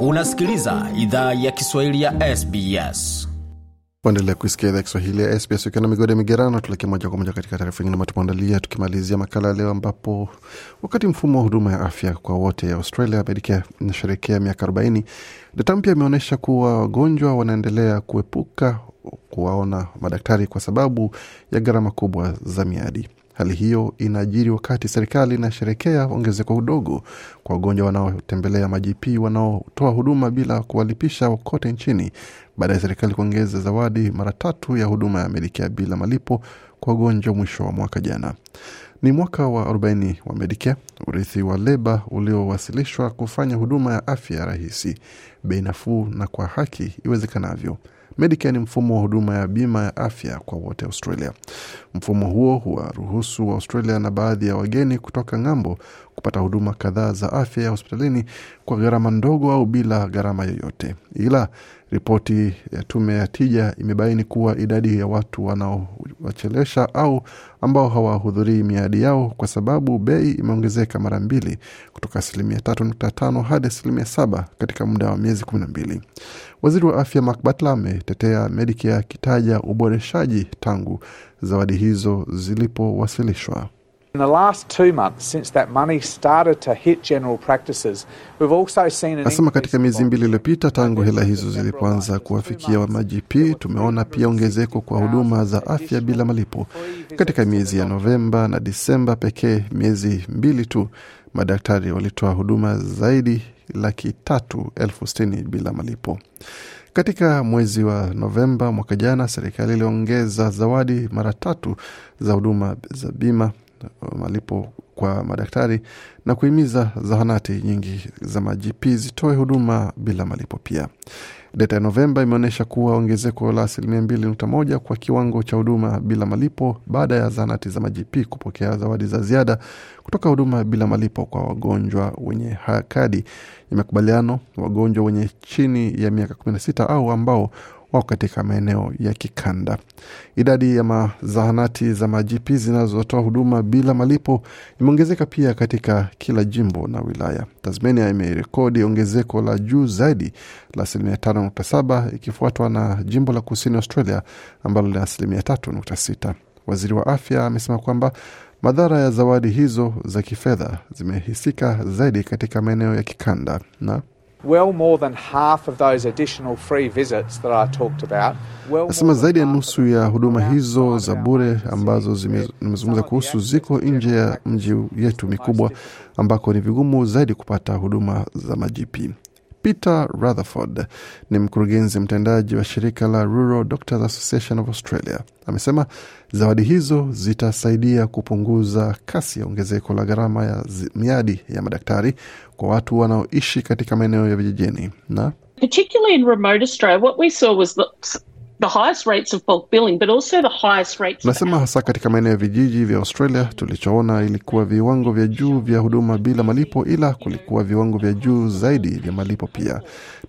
unasikiliza idhaa ya kiswahili ya sbs kuendelea kuisikia idhaa kiswahili ya SBS ukiwa na migode migerano, tuelekea moja kwa moja katika taarifa nyingine matumeandalia, tukimalizia makala yaleo leo, ambapo wakati mfumo wa huduma ya afya kwa wote ya Australia Medicare inasherekea miaka 40, data mpya imeonyesha kuwa wagonjwa wanaendelea kuepuka kuwaona madaktari kwa sababu ya gharama kubwa za miadi. Hali hiyo inajiri wakati serikali inasherekea ongezeko udogo kwa wagonjwa wanaotembelea majp wanaotoa huduma bila kuwalipisha kote nchini baada ya serikali kuongeza zawadi mara tatu ya huduma ya Medicare bila malipo kwa wagonjwa mwisho wa mwaka jana. Ni mwaka wa 40 wa Medicare, urithi wa leba uliowasilishwa kufanya huduma ya afya rahisi, bei nafuu na kwa haki iwezekanavyo. Medicare ni mfumo wa huduma ya bima ya afya kwa wote Australia. Mfumo huo huwaruhusu australia na baadhi ya wageni kutoka ng'ambo kupata huduma kadhaa za afya ya hospitalini kwa gharama ndogo au bila gharama yoyote. Ila ripoti ya tume ya tija imebaini kuwa idadi ya watu wanaowachelesha au ambao hawahudhurii miadi yao kwa sababu bei imeongezeka mara mbili kutoka asilimia tatu nukta tano hadi asilimia saba katika muda wa miezi kumi na mbili. Waziri wa afya Mark Butler ametetea Medicare akitaja uboreshaji tangu zawadi hizo zilipowasilishwa. Anasema katika miezi mbili iliyopita tangu hela hizo zilipoanza kuwafikia wa GP, tumeona pia ongezeko kwa huduma za afya bila malipo katika miezi ya Novemba na Disemba pekee. Miezi mbili tu madaktari walitoa huduma zaidi laki tatu elfu sitini bila malipo. Katika mwezi wa Novemba mwaka jana, serikali iliongeza zawadi mara tatu za huduma za bima malipo kwa madaktari na kuhimiza zahanati nyingi za majp zitoe huduma bila malipo pia. Data ya Novemba imeonyesha kuwa ongezeko la asilimia mbili nukta moja kwa kiwango cha huduma bila malipo baada ya zahanati za majp kupokea zawadi za ziada kutoka huduma bila malipo kwa wagonjwa wenye kadi ya makubaliano, wagonjwa wenye chini ya miaka 16 au ambao wao katika maeneo ya kikanda. Idadi ya mazahanati za majipi zinazotoa huduma bila malipo imeongezeka pia katika kila jimbo na wilaya. Tasmania imerekodi ongezeko la juu zaidi la asilimia 5.7 ikifuatwa na jimbo la kusini Australia ambalo lina asilimia 3.6. Waziri wa afya amesema kwamba madhara ya zawadi hizo za kifedha zimehisika zaidi katika maeneo ya kikanda na Nasema zaidi ya nusu ya huduma hizo za bure ambazo nimezungumza kuhusu ziko nje ya mji yetu mikubwa ambako ni vigumu zaidi kupata huduma za majipi. Peter Rutherford ni mkurugenzi mtendaji wa shirika la Rural Doctors Association of Australia. Amesema zawadi hizo zitasaidia kupunguza kasi ya ongezeko la gharama ya miadi ya madaktari kwa watu wanaoishi katika maeneo ya vijijini na the highest rates of bulk billing, but also the highest rates. Nasema hasa katika maeneo ya vijiji vya Australia tulichoona ilikuwa viwango vya juu vya huduma bila malipo, ila kulikuwa viwango vya juu zaidi vya malipo pia,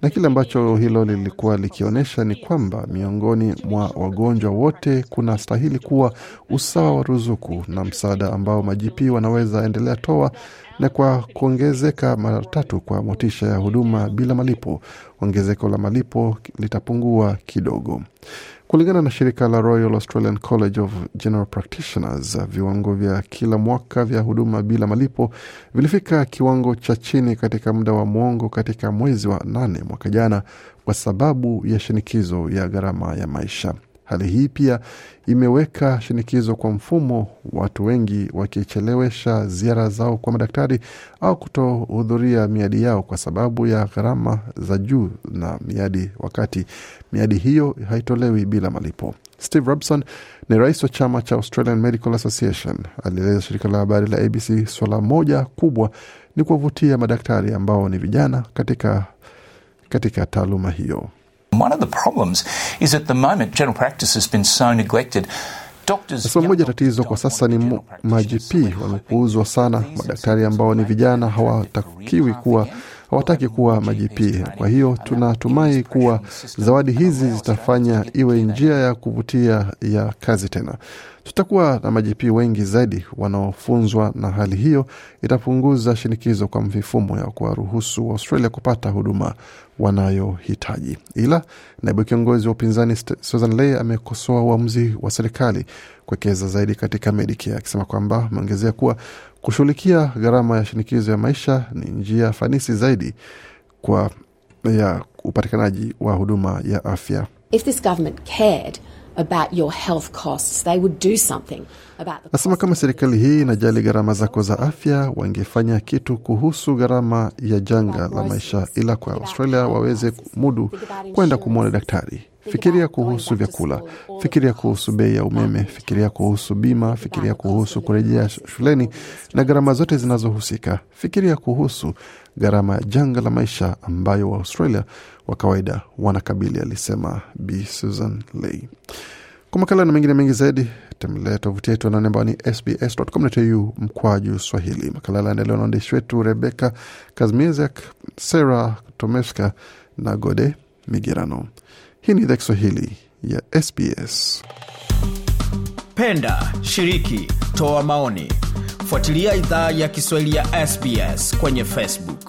na kile ambacho hilo lilikuwa likionyesha ni kwamba miongoni mwa wagonjwa wote kuna stahili kuwa usawa wa ruzuku na msaada ambao majipi wanaweza endelea toa na kwa kuongezeka mara tatu kwa motisha ya huduma bila malipo, ongezeko la malipo litapungua kidogo. Kulingana na shirika la Royal Australian College of General Practitioners, viwango vya kila mwaka vya huduma bila malipo vilifika kiwango cha chini katika muda wa mwongo katika mwezi wa nane mwaka jana kwa sababu ya shinikizo ya gharama ya maisha. Hali hii pia imeweka shinikizo kwa mfumo, watu wengi wakichelewesha ziara zao kwa madaktari au kutohudhuria miadi yao kwa sababu ya gharama za juu na miadi, wakati miadi hiyo haitolewi bila malipo. Steve Robson ni rais wa chama cha Australian Medical Association, alieleza shirika la habari la ABC swala moja kubwa ni kuwavutia madaktari ambao ni vijana katika, katika taaluma hiyo. Nasema moja tatizo kwa sasa ni majp wamepuuzwa sana. Madaktari ambao ni vijana hawatakiwi kuwa hawataki kuwa majp. Kwa hiyo tunatumai kuwa zawadi hizi zitafanya iwe njia ya kuvutia ya kazi tena. Tutakuwa na majipi wengi zaidi wanaofunzwa, na hali hiyo itapunguza shinikizo kwa mifumo ya kuwaruhusu Australia kupata huduma wanayohitaji. Ila naibu kiongozi wa upinzani Susan Ley amekosoa uamuzi wa serikali kuwekeza zaidi katika Medicare, akisema kwamba ameongezea kuwa kushughulikia gharama ya shinikizo ya maisha ni njia fanisi zaidi kwa ya upatikanaji wa huduma ya afya. If this government cared about your health costs. They would do something. Nasema kama serikali hii inajali gharama zako za afya, wangefanya kitu kuhusu gharama ya janga la maisha, ila kwa Australia waweze mudu kwenda kumwona daktari. Fikiria kuhusu vyakula, fikiria kuhusu bei ya umeme, fikiria kuhusu bima, fikiria kuhusu kurejea shuleni na gharama zote zinazohusika. Fikiria kuhusu gharama ya janga la maisha ambayo Waaustralia wa kawaida wanakabili, alisema Bi Susan Ley. Kwa makala na mengine mengi zaidi tembelea tovuti yetu anaone ambao ni sbs.com.au mkwaju Swahili. Makala yanaendelea na waandishi wetu Rebeka Kazmizak, sera Tomeska na Gode Migerano. Hii ni idhaa Kiswahili ya SBS. Penda, shiriki, toa maoni, fuatilia idhaa ya Kiswahili ya SBS kwenye Facebook.